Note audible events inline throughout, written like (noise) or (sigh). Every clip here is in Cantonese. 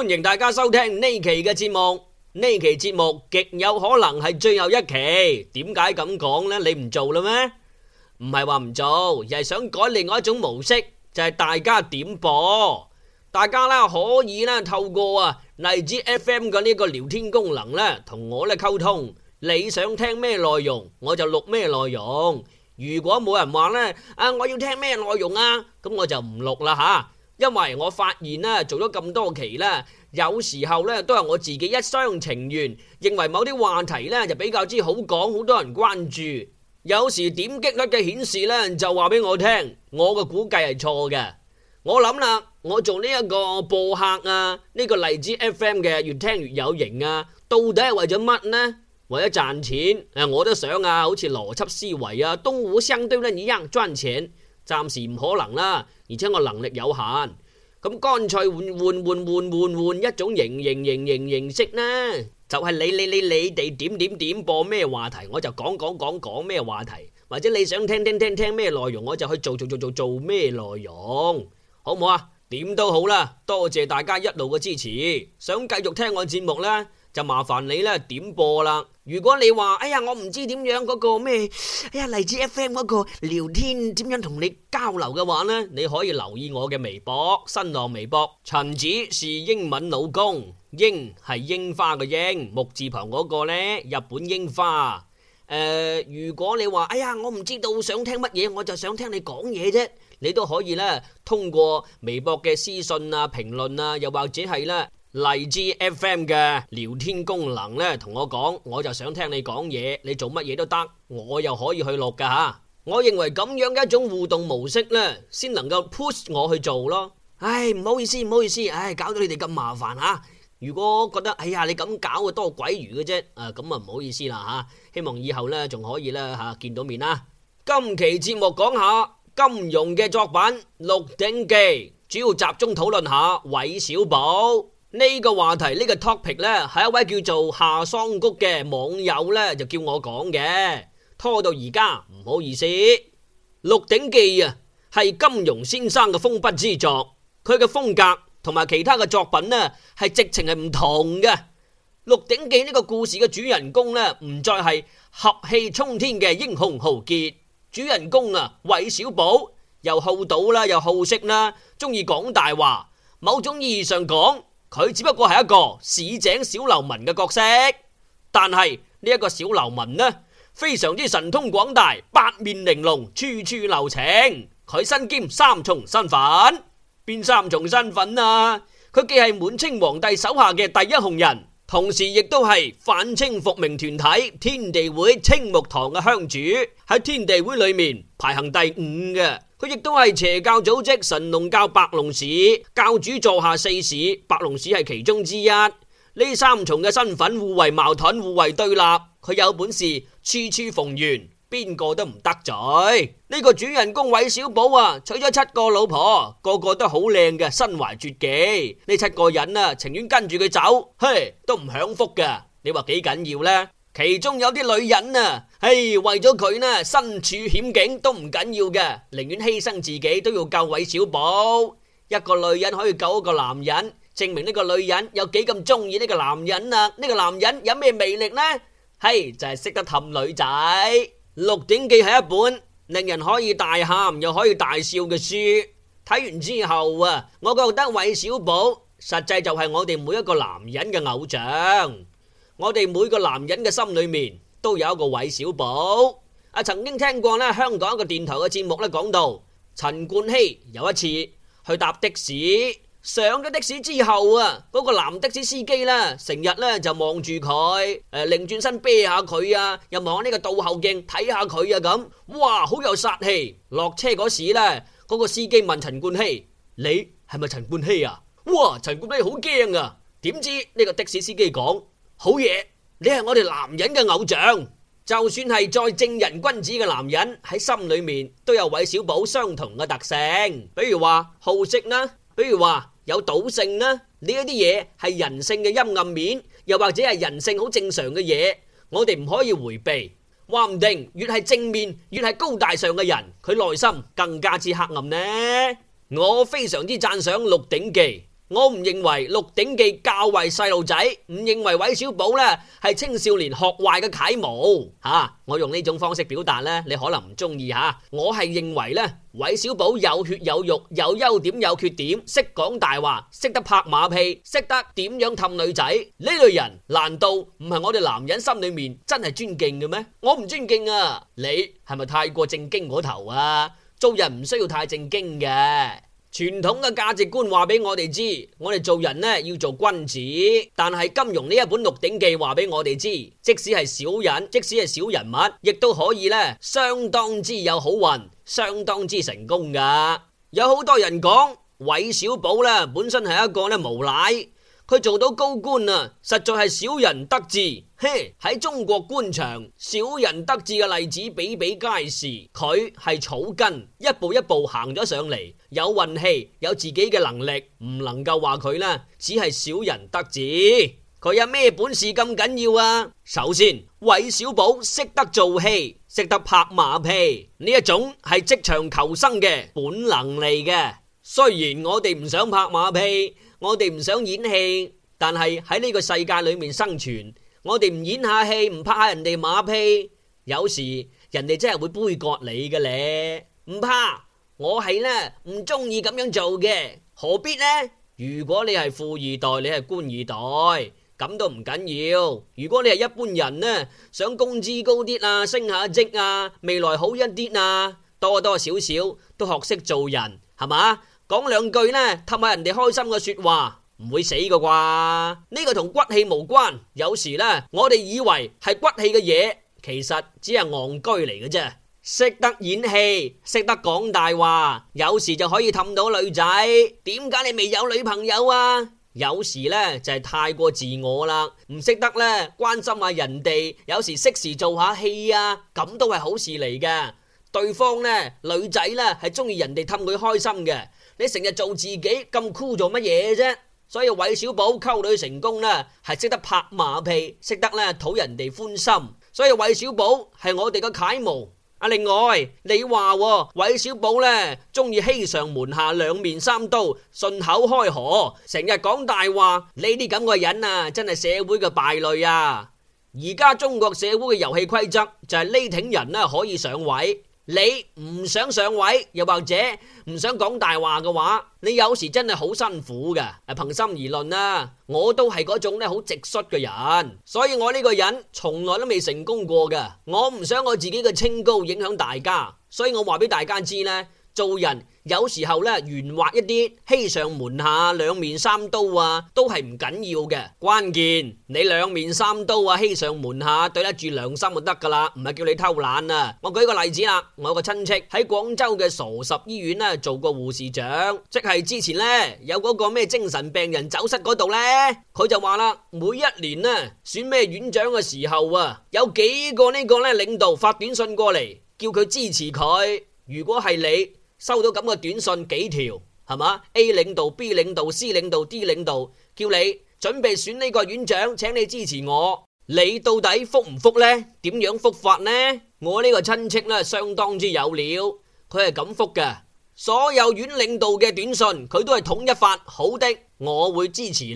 歡迎大家收聽呢期嘅節目，呢期節目極有可能係最後一期。點解咁講呢？你唔做啦咩？唔係話唔做，而係想改另外一種模式，就係大家點播。大家咧可以咧透過啊荔枝 FM 嘅呢一個聊天功能咧，同我咧溝通，你想聽咩內容，我就錄咩內容。如果冇人話呢啊，我要聽咩內容啊，咁我就唔錄啦吓。因為我發現咧，做咗咁多期呢，有時候呢都係我自己一廂情願，認為某啲話題呢就比較之好講，好多人關注。有時點擊率嘅顯示呢就話俾我聽，我嘅估計係錯嘅。我諗啦，我做呢一個播客啊，呢、這個荔枝 FM 嘅越聽越有型啊，到底係為咗乜呢？為咗賺錢啊！我都想啊，好似《羅輯思維》啊，《東湖相對論》一樣賺錢。暫時唔可能啦，而且我能力有限，咁乾脆換換換換換換一種形形形形形式呢，就係你你你你哋點點點播咩話題，我就講講講講咩話題，或者你想聽聽聽聽咩內容，我就去做做做做咩內容，好唔好啊？點都好啦，多謝大家一路嘅支持，想繼續聽我節目呢，就麻煩你咧，點播啦。如果你話哎呀我唔知點樣嗰個咩，哎呀荔枝 FM 嗰個聊天點樣同你交流嘅話呢？你可以留意我嘅微博新浪微博。陳子是英文老公，櫻係櫻花嘅櫻，木字旁嗰個呢，日本櫻花。誒、呃，如果你話哎呀我唔知道想聽乜嘢，我就想聽你講嘢啫，你都可以呢，通過微博嘅私信啊、評論啊，又或者係呢。荔枝 F.M. 嘅聊天功能咧，同我講，我就想聽你講嘢，你做乜嘢都得，我又可以去錄噶吓。我認為咁樣嘅一種互動模式咧，先能夠 push 我去做咯。唉，唔好意思，唔好意思，唉，搞到你哋咁麻煩吓。如果覺得哎呀，你咁搞啊，多鬼魚嘅啫，啊咁啊，唔好意思啦吓。希望以後咧仲可以咧吓見到面啦。今期節目講下金庸嘅作品《鹿鼎記》，主要集中討論下韋小寶。呢個話題呢，呢個 topic 呢，係一位叫做夏桑菊嘅網友呢，就叫我講嘅。拖到而家唔好意思，《鹿鼎記》啊，係金庸先生嘅封筆之作，佢嘅風格同埋其他嘅作品呢，係直情係唔同嘅。《鹿鼎記》呢個故事嘅主人公呢，唔再係俠氣沖天嘅英雄豪傑，主人公啊，韋小寶又好賭啦，又好色啦，中意講大話，某種意義上講。佢只不過係一個市井小流民嘅角色，但係呢一個小流民呢，非常之神通廣大，八面玲瓏，處處留情。佢身兼三重身份，邊三重身份啊？佢既係滿清皇帝手下嘅第一紅人，同時亦都係反清復明團體天地會青木堂嘅香主，喺天地會裏面排行第五嘅。佢亦都係邪教組織神龍教白龍使教主座下四使，白龍使係其中之一。呢三重嘅身份互為矛盾，互為對立。佢有本事，處處逢源，邊個都唔得罪。呢個主人公韋小寶啊，娶咗七個老婆，個個都好靚嘅，身懷絕技。呢七個人啊，情願跟住佢走，嘿，都唔享福噶。你話幾緊要呢？其中有啲女人啊，嘿，為咗佢呢，身處險境都唔緊要嘅，寧願犧牲自己都要救韋小寶。一個女人可以救一個男人，證明呢個女人有幾咁中意呢個男人啊？呢個男人有咩魅力呢？嘿，就係識得氹女仔。《鹿鼎記》係一本令人可以大喊又可以大笑嘅書。睇完之後啊，我覺得韋小寶實際就係我哋每一個男人嘅偶像。我哋每個男人嘅心裏面都有一個韋小寶。啊，曾經聽過咧，香港一個電台嘅節目咧講到陳冠希有一次去搭的士，上咗的士之後啊，嗰、那個男的士司機咧成日呢就望住佢，誒、呃，擰轉身啤下佢啊，又望呢個倒後鏡睇下佢啊，咁哇，好有殺氣。落車嗰時呢，嗰、那個司機問陳冠希：你係咪陳冠希啊？哇，陳冠希好驚啊！點知呢、這個的士司機講：好嘢！你係我哋男人嘅偶像。就算係再正人君子嘅男人，喺心裏面都有韋小寶相同嘅特性。比如話好色啦，比如話有賭性啦，呢一啲嘢係人性嘅陰暗面，又或者係人性好正常嘅嘢，我哋唔可以回避。話唔定越係正面、越係高大上嘅人，佢內心更加之黑暗呢。我非常之讚賞《鹿鼎記》。我唔認為《鹿鼎記》教壞細路仔，唔認為韋小寶呢係青少年學壞嘅楷模吓。我用呢種方式表達呢，你可能唔中意吓。我係認為呢，韋小寶有血有肉，有優點有缺點，識講大話，識得拍馬屁，識得點樣氹女仔呢類人，難道唔係我哋男人心裏面真係尊敬嘅咩？我唔尊敬啊！你係咪太過正經嗰頭啊？做人唔需要太正經嘅。傳統嘅價值觀話俾我哋知，我哋做人呢要做君子，但係金庸呢一本《鹿鼎記》話俾我哋知，即使係小人，即使係小人物，亦都可以呢相當之有好運，相當之成功噶。有好多人講，韋小寶呢本身係一個呢無賴。佢做到高官啊，實在係小人得志。嘿，喺中國官場，小人得志嘅例子比比皆是。佢係草根，一步一步行咗上嚟，有運氣，有自己嘅能力，唔能夠話佢啦。只係小人得志，佢有咩本事咁緊要啊？首先，韋小寶識得做戲，識得拍馬屁，呢一種係職場求生嘅本能嚟嘅。雖然我哋唔想拍馬屁。我哋唔想演戲，但係喺呢個世界裏面生存，我哋唔演下戲，唔拍下人哋馬屁，有時人哋真係會杯葛你嘅咧。唔怕，我係咧唔中意咁樣做嘅，何必呢？如果你係富二代，你係官二代，咁都唔緊要。如果你係一般人呢，想工資高啲啊，升下職啊，未來好一啲啊，多多少少都學識做人，係嘛？講兩句呢，氹下人哋開心嘅說話，唔會死嘅啩。呢個同骨氣無關。有時呢，我哋以為係骨氣嘅嘢，其實只係戇居嚟嘅啫。識得演戲，識得講大話，有時就可以氹到女仔。點解你未有女朋友啊？有時呢就係太過自我啦，唔識得呢關心下人哋。有時適時做下戲啊，咁都係好事嚟嘅。對方呢，女仔呢係中意人哋氹佢開心嘅。你成日做自己咁酷做乜嘢啫？所以韋小寶溝女成功呢，係識得拍馬屁，識得咧討人哋歡心，所以韋小寶係我哋嘅楷模。啊，另外你話韋小寶呢中意欺上瞞下、兩面三刀、順口開河，成日講大話，呢啲咁嘅人啊，真係社會嘅敗類啊！而家中國社會嘅遊戲規則就係呢挺人呢，可以上位。你唔想上位，又或者唔想講大話嘅話，你有時真係好辛苦㗎。誒，憑心而論啦，我都係嗰種咧好直率嘅人，所以我呢個人從來都未成功過嘅。我唔想我自己嘅清高影響大家，所以我話俾大家知呢。做人有時候呢，圓滑一啲，欺上瞞下、兩面三刀啊，都係唔緊要嘅。關鍵你兩面三刀啊，欺上瞞下對得住良心就得噶啦，唔係叫你偷懶啊。我舉個例子啊，我有個親戚喺廣州嘅傻十醫院呢做過護士長，即係之前呢，有嗰個咩精神病人走失嗰度呢，佢就話啦，每一年呢，選咩院長嘅時候啊，有幾個呢個呢領導發短信過嚟叫佢支持佢，如果係你。收到咁嘅短信幾條係嘛？A 領導、B 領導、C 領導、D 領導叫你準備選呢個院長，請你支持我。你到底覆唔覆呢？點樣覆法呢？我呢個親戚呢，相當之有料，佢係咁覆嘅。所有院領導嘅短信佢都係統一發，好的，我會支持你。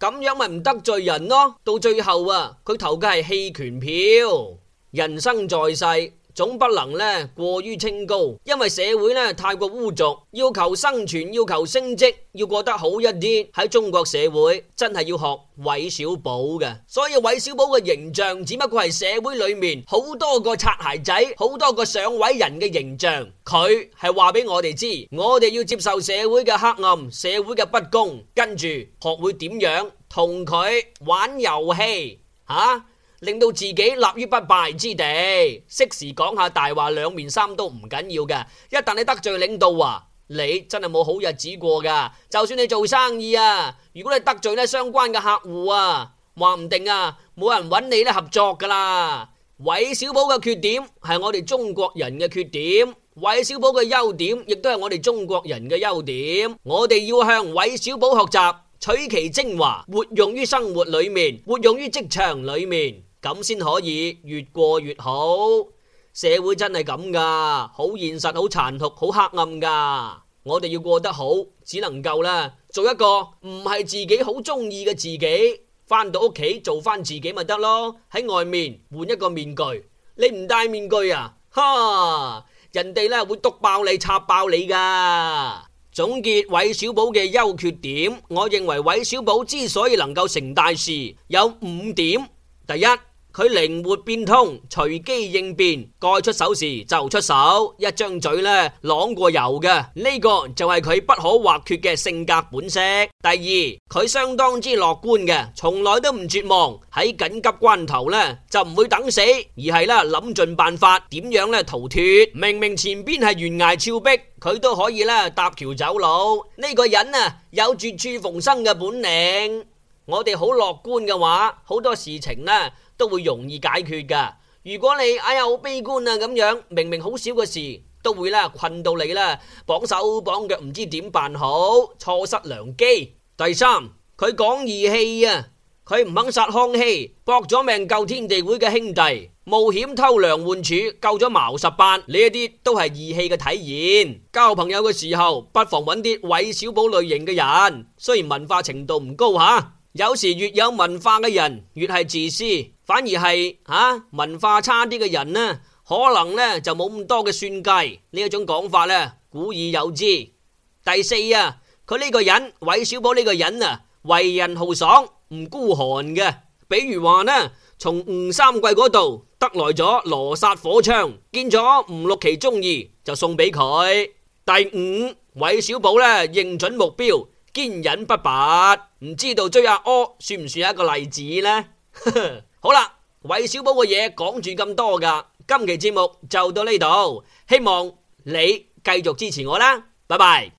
咁樣咪唔得罪人咯？到最後啊，佢投嘅係棄權票。人生在世。總不能咧，過於清高，因為社會咧，太過污濁，要求生存，要求升職，要過得好一啲。喺中國社會，真係要學韋小寶嘅。所以韋小寶嘅形象只不過係社會裏面好多個擦鞋仔、好多個上位人嘅形象。佢係話俾我哋知，我哋要接受社會嘅黑暗、社會嘅不公，跟住學會點樣同佢玩遊戲吓。啊令到自己立於不敗之地，適時講下大話兩面三刀唔緊要嘅。一旦你得罪領導啊，你真係冇好日子過噶。就算你做生意啊，如果你得罪呢相關嘅客戶啊，話唔定啊，冇人揾你咧合作噶啦。韋小寶嘅缺點係我哋中國人嘅缺點，韋小寶嘅優點亦都係我哋中國人嘅優點。我哋要向韋小寶學習，取其精華，活用於生活裏面，活用於職場裏面。咁先可以越過越好，社會真係咁噶，好現實，好殘酷，好黑暗噶。我哋要過得好，只能夠啦，做一個唔係自己好中意嘅自己，返到屋企做翻自己咪得咯。喺外面換一個面具，你唔戴面具啊，哈！人哋咧會督爆你，插爆你噶。總結韋小寶嘅優缺點，我認為韋小寶之所以能夠成大事，有五點：第一。佢靈活變通，隨機應變，該出手時就出手，一張嘴咧，朗過油嘅，呢個就係佢不可或缺嘅性格本色。第二，佢相當之樂觀嘅，從來都唔絕望。喺緊急關頭咧，就唔會等死，而係啦諗盡辦法點樣咧逃脫。明明前邊係懸崖峭壁，佢都可以啦搭橋走佬。呢個人啊有絕處逢生嘅本領。我哋好樂觀嘅話，好多事情咧。都會容易解決噶。如果你哎呀，好悲觀啊，咁樣明明好少嘅事都會啦，困到你啦，綁手綁腳，唔知點辦好，錯失良機。第三，佢講義氣啊，佢唔肯殺康熙，搏咗命救天地會嘅兄弟，冒險偷梁換柱救咗茅十八，呢一啲都係義氣嘅體現。交朋友嘅時候，不妨揾啲韋小寶類型嘅人，雖然文化程度唔高吓，有時越有文化嘅人越係自私。反而係吓、啊、文化差啲嘅人呢、啊，可能呢就冇咁多嘅算計。呢一種講法呢，古已有之。第四啊，佢呢個人韋小寶呢個人啊，為人豪爽唔孤寒嘅。比如話呢，從吳三桂嗰度得來咗羅剎火槍，見咗吳六奇中意就送俾佢。第五，韋小寶呢認準目標，堅忍不拔，唔知道追阿、啊、柯算唔算一個例子呢？ (laughs) 好啦，韋小寶嘅嘢講住咁多㗎，今期節目就到呢度，希望你繼續支持我啦，拜拜。